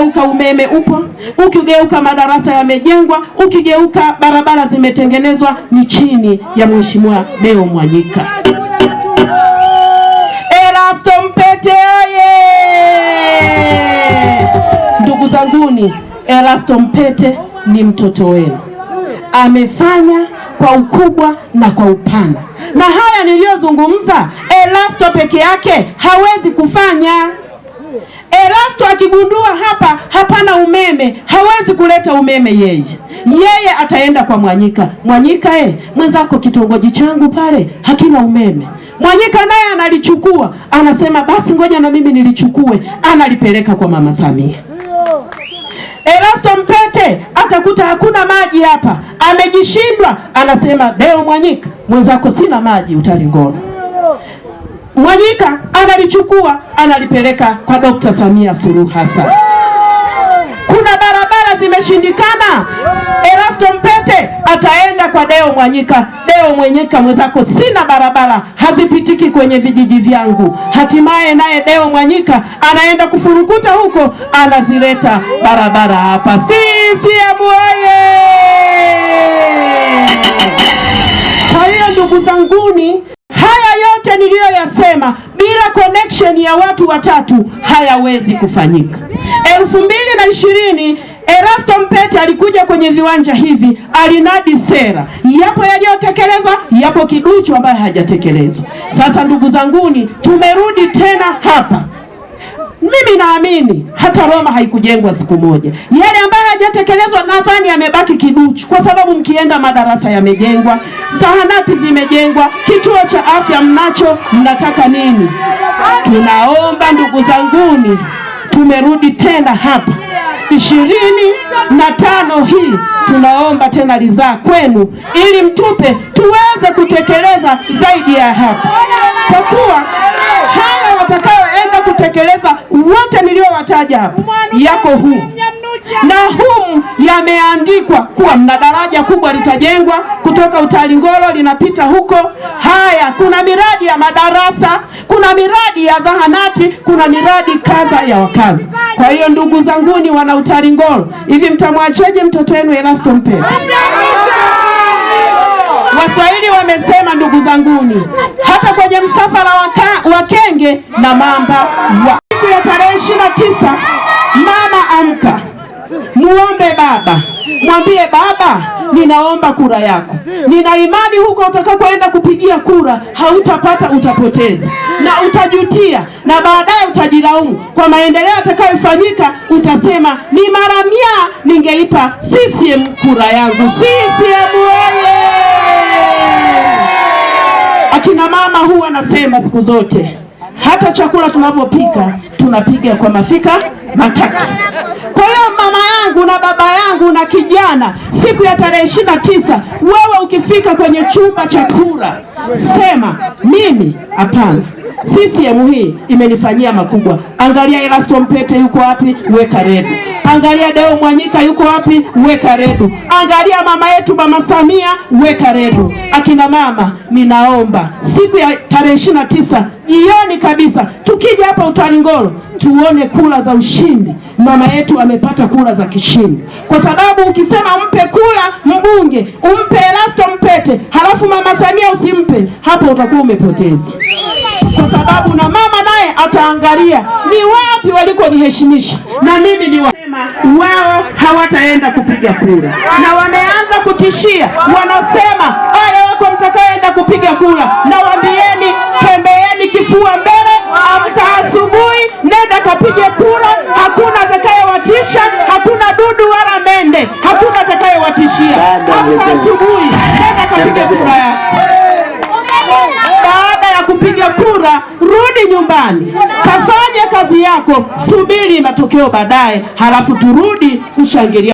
ukigeuka umeme upo, ukigeuka madarasa yamejengwa, ukigeuka barabara zimetengenezwa, ni chini ya Mheshimiwa Deo Mwanyika. Erasto Mpete oye! Ndugu zanguni, Erasto Mpete ni mtoto wenu, amefanya kwa ukubwa na kwa upana, na haya niliyozungumza Erasto peke yake hawezi kufanya. Erasto akigundua umeme hawezi kuleta umeme yeye, yeye ataenda kwa Mwanyika. Mwanyika eh, mwenzako kitongoji changu pale hakina umeme. Mwanyika naye analichukua, anasema basi ngoja na mimi nilichukue, analipeleka kwa mama Samia. Erasto Mpete atakuta hakuna maji hapa, amejishindwa, anasema leo Mwanyika mwenzako sina maji, utalingona. Mwanyika analichukua, analipeleka kwa Dr. Samia Suluhu Hassan. Kuna barabara zimeshindikana, Erasto Mpete ataenda kwa Deo Mwanyika. Deo Mwanyika mwenzako, sina barabara, hazipitiki kwenye vijiji vyangu. Hatimaye naye Deo Mwanyika anaenda kufurukuta huko, anazileta barabara hapa. CCM oye! Kwa hiyo ndugu zanguni yote niliyoyasema bila connection ya watu watatu hayawezi kufanyika. elfu mbili na ishirini Erasto Mpete alikuja kwenye viwanja hivi, alinadi sera, yapo yaliyotekeleza, yapo kiduchu ambayo hajatekelezwa. Sasa ndugu zanguni, tumerudi tena hapa. Mimi naamini hata Roma haikujengwa siku moja. Yale ambayo hajatekelezwa nadhani yamebaki kiduchu, kwa sababu mkienda madarasa yamejengwa, zahanati zimejengwa, kituo cha afya mnacho. Mnataka nini? Tunaomba ndugu zanguni, tumerudi tena hapa ishirini na tano hii tunaomba tena ridhaa kwenu ili mtupe tuweze kutekeleza zaidi ya hapa. ajabu yako huu na humu yameandikwa kuwa mna daraja kubwa litajengwa kutoka Utalingolo linapita huko. Haya, kuna miradi ya madarasa, kuna miradi ya zahanati, kuna miradi kadha ya wakazi. Kwa hiyo ndugu zanguni, wana Utalingolo, hivi mtamwacheje mtoto wenu Erasto Mpemba? Waswahili wamesema ndugu zanguni, hata kwenye msafara wa Kenge na mamba wa siku ya tarehe mwambie baba, ninaomba kura yako. Nina imani huko utakakoenda kupigia kura hautapata, utapoteza na utajutia, na baadaye utajilaumu kwa maendeleo yatakayofanyika. Utasema ni mara mia ningeipa CCM kura yangu. CCM oye! Akina mama huwa nasema siku zote, hata chakula tunavyopika tunapiga kwa mafika matatu yangu na baba yangu na kijana, siku ya tarehe ishirini na tisa wewe ukifika kwenye chumba cha kura, sema mimi hapana. CCM hii imenifanyia makubwa. Angalia Erasto Mpete yuko wapi, weka redu. Angalia Deo Mwanyika yuko wapi, weka redu. Angalia mama yetu mama Samia, weka redu. Akina mama, ninaomba siku ya tarehe ishirini na tisa jioni kabisa tukija hapa utani ngolo tuone kula za ushindi. Mama yetu amepata kula za kishindi, kwa sababu ukisema mpe kula mbunge, umpe Erasto Mpete, halafu mama Samia usimpe, hapo utakuwa umepoteza, kwa sababu na mama naye ataangalia ni wapi walikoniheshimisha na mimi ni wapi wao hawataenda kupiga kura, na wameanza kutishia, wanasema wale wako mtakaenda kupiga kura na chukua mbele, amka asubuhi, nenda kapige kura. Hakuna atakayewatisha, hakuna dudu wala mende, hakuna atakayewatishia. Amka asubuhi, nenda kapige kura yako. Baada ya kupiga kura, rudi nyumbani, kafanye kazi yako, subiri matokeo baadaye, halafu turudi kushangilia.